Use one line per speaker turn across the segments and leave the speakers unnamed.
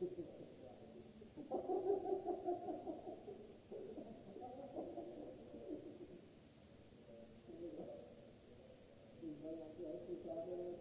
Υπότιτλοι AUTHORWAVE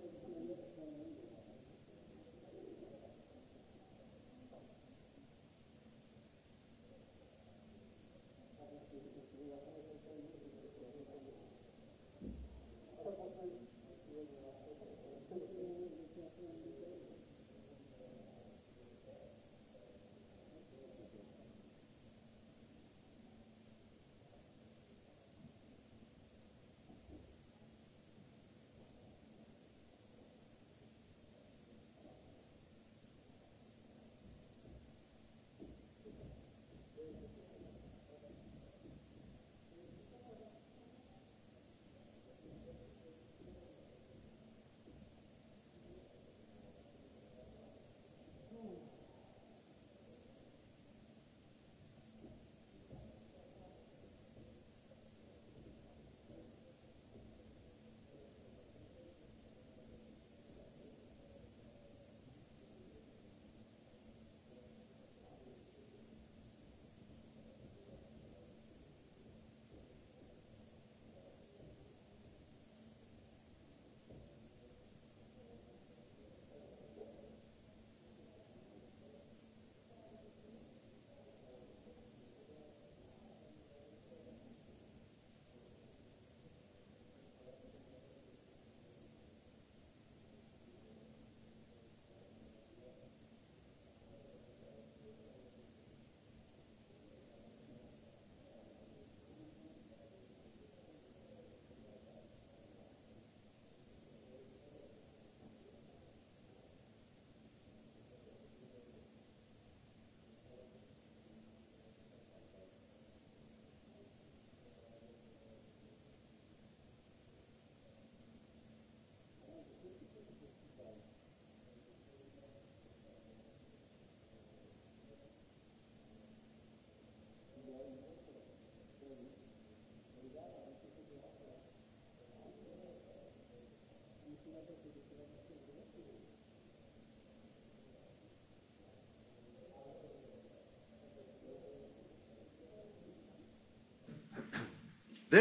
Ε,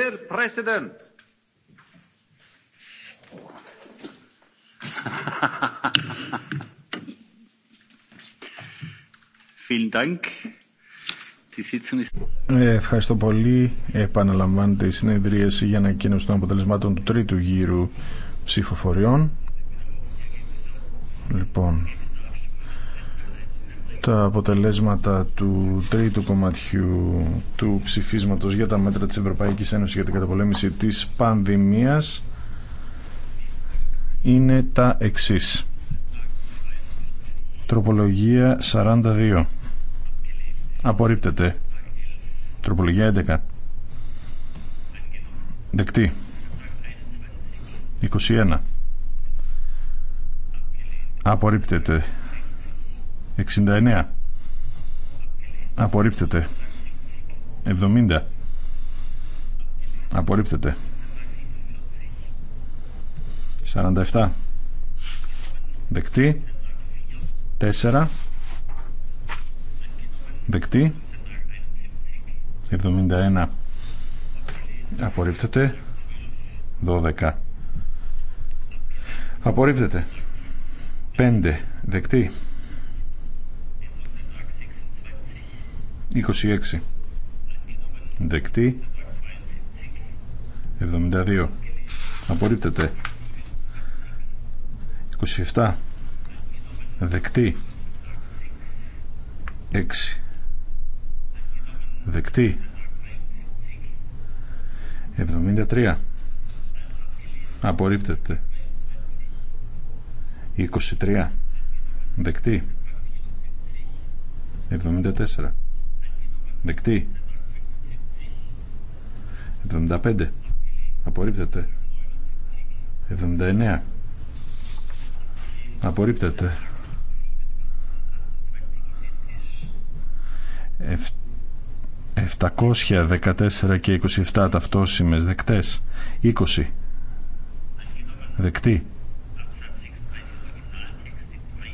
ευχαριστώ πολύ. Επαναλαμβάνεται η συνεδρίαση για ανακοίνωση των αποτελεσμάτων του τρίτου γύρου ψηφοφοριών. Λοιπόν, τα αποτελέσματα του τρίτου κομματιού του ψηφίσματος για τα μέτρα της Ευρωπαϊκής Ένωσης για την καταπολέμηση της πανδημίας είναι τα εξής. Τροπολογία 42. Απορρίπτεται. Τροπολογία 11. Δεκτή. 21. Απορρίπτεται. 69 απορρίπτεται 70 απορρίπτεται 47 δεκτή 4 δεκτή 71 απορρίπτεται 12 απορρίπτεται 5 δεκτή 26 δεκτή 72 απορρίπτεται 27 δεκτή 6 δεκτή 73 απορρίπτεται 23 δεκτή 74 Δεκτή. 75. Απορρίπτεται. 79. Απορρίπτεται. 714 και 27 ταυτόσημες δεκτές 20 δεκτή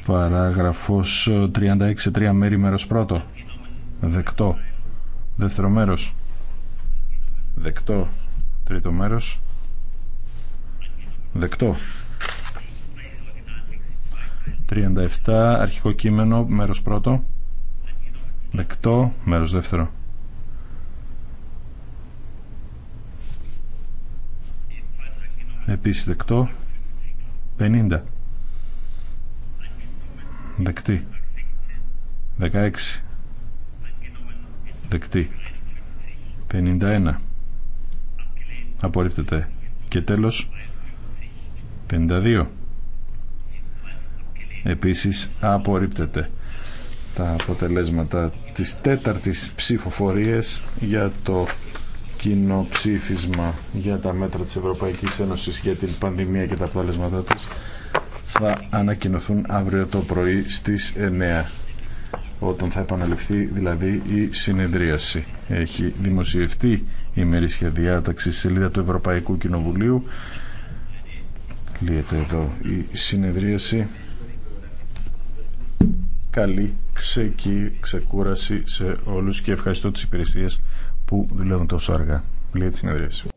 παράγραφος 36 3 μέρη μέρος πρώτο δεκτό Δεύτερο μέρος. Δεκτό. Τρίτο μέρος. Δεκτό. 37. Αρχικό κείμενο. Μέρος πρώτο. Δεκτό. Μέρος δεύτερο. Επίσης δεκτό. 50. Δεκτή. 16. 51 απορρίπτεται και τέλος 52 επίσης απορρίπτεται τα αποτελέσματα της τέταρτης ψηφοφορίας για το κοινοψήφισμα για τα μέτρα της Ευρωπαϊκής Ένωσης για την πανδημία και τα αποτελέσματά της θα ανακοινωθούν αύριο το πρωί στις 9 όταν θα επαναληφθεί δηλαδή η συνεδρίαση. Έχει δημοσιευτεί η ημερήσια διάταξη στη σελίδα του Ευρωπαϊκού Κοινοβουλίου. Λύεται εδώ η συνεδρίαση. Καλή ξεκή, ξεκούραση σε όλους και ευχαριστώ τις υπηρεσίες που δουλεύουν τόσο αργά. Λύεται η συνεδρίαση.